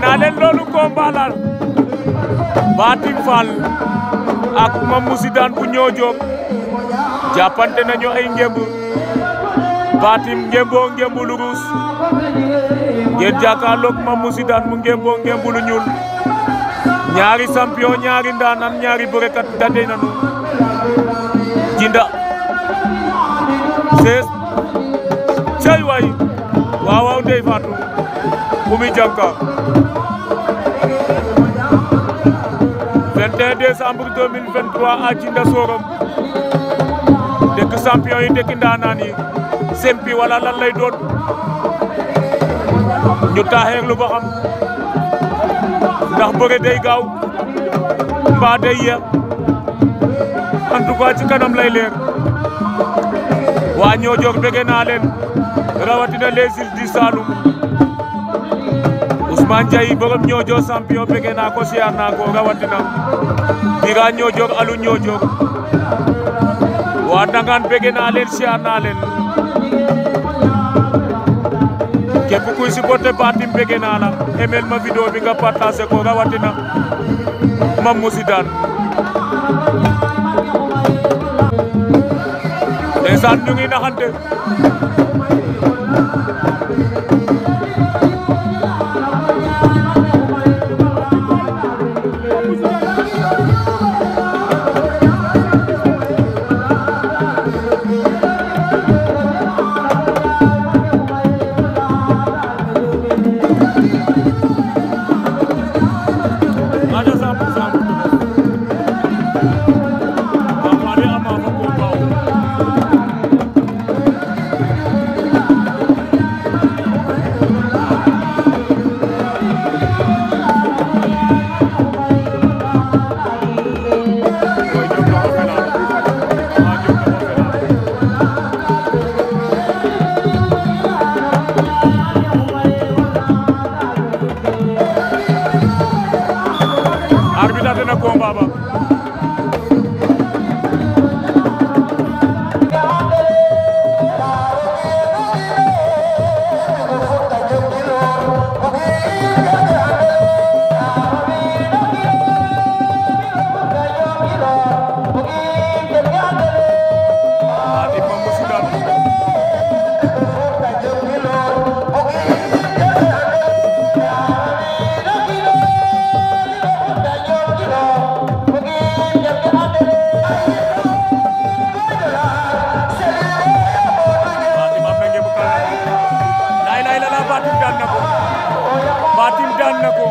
nee naa leen loolu combat la Batim Fall ak Mamou Zidane bu ñoo jóg jàppante nañu ay ngemb Batim ngemboo ngemb lu ruus ngeen jàkkaarloog Mamou Zidane mu ngemboo ngemb lu ñuul ñaari champion ñaari ndaanan ñaari bërekat daje nañu jinda sees cay waay waaw ndey Fatou Oumy Dianka 21 décembre 2023 à Djinda Sorom dëkk champion yi dëkk ndaanaan yi sempi wala doon ñu taaxeerlu ba xam ndax bëre day gaaw mbaa day yeex en tout ci kanam lay leer waa ñoo jox rawatina les îles du Ousmane Ndiaye borom Niodior champion bëgg naa ko siyaar naa ko rawatina Bira waa Ndangane bëgg naa leen siyaar naa leen képp kuy supporter ma vidéo bi nga partagé ko rawatina Mame Moussi Dane ndeysaan ñu na combat ba डन नको